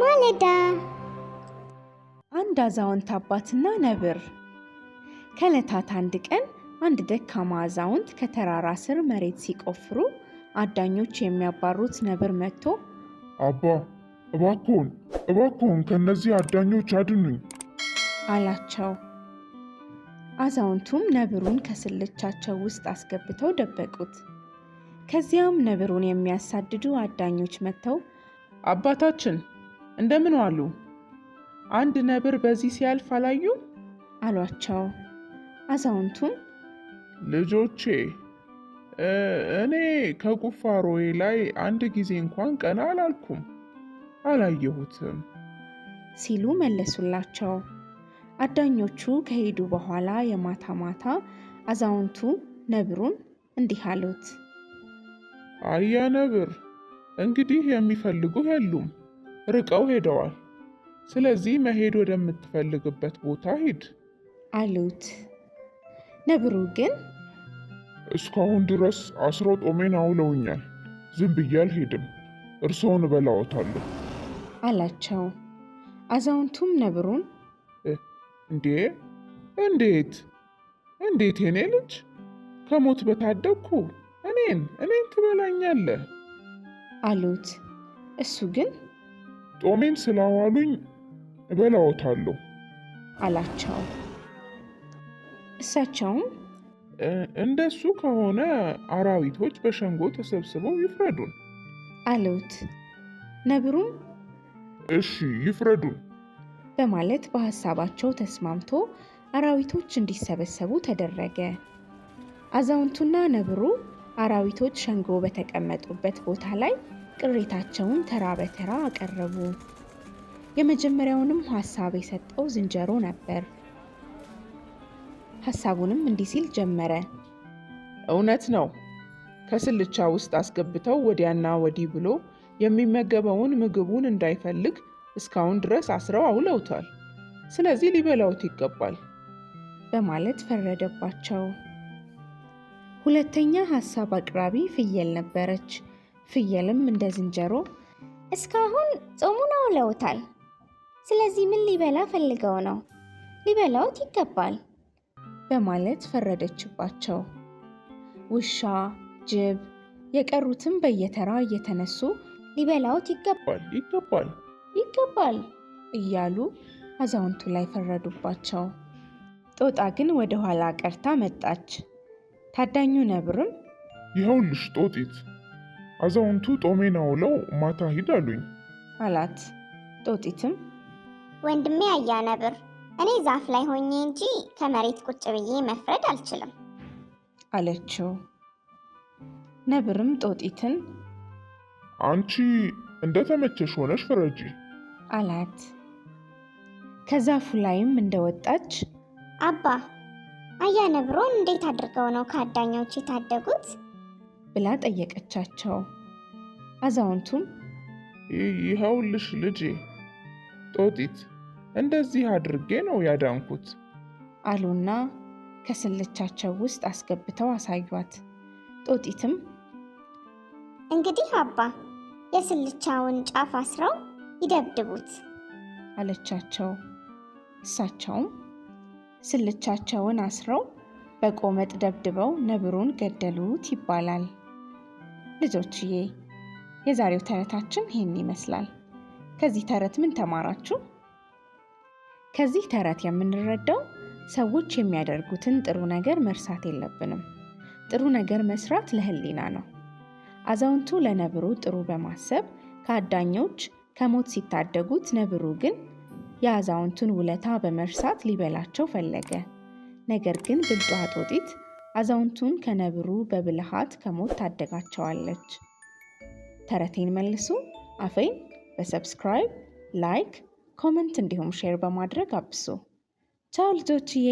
ማለዳ አንድ አዛውንት አባትና ነብር። ከዕለታት አንድ ቀን አንድ ደካማ አዛውንት ከተራራ ስር መሬት ሲቆፍሩ አዳኞች የሚያባሩት ነብር መጥቶ አባ እባክዎን እባክዎን ከእነዚህ አዳኞች አድኑኝ አላቸው። አዛውንቱም ነብሩን ከስልቻቸው ውስጥ አስገብተው ደበቁት። ከዚያም ነብሩን የሚያሳድዱ አዳኞች መጥተው አባታችን እንደምን ዋሉ? አንድ ነብር በዚህ ሲያልፍ አላዩ? አሏቸው። አዛውንቱም ልጆቼ እኔ ከቁፋሮዬ ላይ አንድ ጊዜ እንኳን ቀና አላልኩም፣ አላየሁትም ሲሉ መለሱላቸው። አዳኞቹ ከሄዱ በኋላ የማታ ማታ አዛውንቱ ነብሩን እንዲህ አሉት። አያ ነብር እንግዲህ የሚፈልጉህ የሉም፣ ርቀው ሄደዋል። ስለዚህ መሄድ ወደምትፈልግበት ቦታ ሂድ አሉት። ነብሩ ግን እስካሁን ድረስ አስሮ ጦሜን አውለውኛል፣ ዝም ብዬ አልሄድም፣ እርስዎን እበላዎታለሁ አላቸው። አዛውንቱም ነብሩን እንዴ እንዴት እንዴት የኔ ልጅ ከሞት በታደግኩ እኔን እኔን ትበላኛለህ አሉት። እሱ ግን ጦሜን ስላዋሉኝ እበላዎታለሁ አላቸው። እሳቸውም እንደሱ ከሆነ አራዊቶች በሸንጎ ተሰብስበው ይፍረዱን አሉት። ነብሩም እሺ ይፍረዱን በማለት በሐሳባቸው ተስማምቶ አራዊቶች እንዲሰበሰቡ ተደረገ። አዛውንቱና ነብሩ አራዊቶች ሸንጎ በተቀመጡበት ቦታ ላይ ቅሬታቸውን ተራ በተራ አቀረቡ። የመጀመሪያውንም ሀሳብ የሰጠው ዝንጀሮ ነበር። ሀሳቡንም እንዲህ ሲል ጀመረ። እውነት ነው፣ ከስልቻ ውስጥ አስገብተው ወዲያና ወዲህ ብሎ የሚመገበውን ምግቡን እንዳይፈልግ እስካሁን ድረስ አስረው አውለውታል። ስለዚህ ሊበላውት ይገባል በማለት ፈረደባቸው። ሁለተኛ ሀሳብ አቅራቢ ፍየል ነበረች። ፍየልም እንደ ዝንጀሮ እስካሁን ጾሙን አውለውታል። ስለዚህ ምን ሊበላ ፈልገው ነው? ሊበላውት ይገባል በማለት ፈረደችባቸው። ውሻ፣ ጅብ የቀሩትም በየተራ እየተነሱ ሊበላውት ይገባል ይገባል ይገባል እያሉ አዛውንቱ ላይ ፈረዱባቸው። ጦጣ ግን ወደ ኋላ ቀርታ መጣች። ታዳኙ ነብርም ይኸውልሽ ጦጢት፣ አዛውንቱ ጦሜን አውለው ማታ ሂድ አሉኝ አላት። ጦጢትም ወንድሜ አያ ነብር፣ እኔ ዛፍ ላይ ሆኜ እንጂ ከመሬት ቁጭ ብዬ መፍረድ አልችልም አለችው። ነብርም ጦጢትን አንቺ እንደተመቸሽ ሆነሽ ፍረጂ አላት። ከዛፉ ላይም እንደወጣች አባ አያነብሮን እንዴት አድርገው ነው ከአዳኞች የታደጉት? ብላ ጠየቀቻቸው። አዛውንቱም ይኸውልሽ ልጄ ጦጢት እንደዚህ አድርጌ ነው ያዳንኩት አሉና ከስልቻቸው ውስጥ አስገብተው አሳዩት። ጦጢትም እንግዲህ አባ የስልቻውን ጫፍ አስረው ይደብድቡት አለቻቸው። እሳቸውም ስልቻቸውን አስረው በቆመጥ ደብድበው ነብሩን ገደሉት ይባላል። ልጆችዬ የዛሬው ተረታችን ይህን ይመስላል። ከዚህ ተረት ምን ተማራችሁ? ከዚህ ተረት የምንረዳው ሰዎች የሚያደርጉትን ጥሩ ነገር መርሳት የለብንም። ጥሩ ነገር መስራት ለህሊና ነው። አዛውንቱ ለነብሩ ጥሩ በማሰብ ከአዳኞች ከሞት ሲታደጉት፣ ነብሩ ግን የአዛውንቱን ውለታ በመርሳት ሊበላቸው ፈለገ። ነገር ግን ብልጧ ጦጢት አዛውንቱን ከነብሩ በብልሃት ከሞት ታደጋቸዋለች። ተረቴን መልሱ አፌን በሰብስክራይብ ላይክ፣ ኮመንት እንዲሁም ሼር በማድረግ አብሱ። ቻው ልጆችዬ።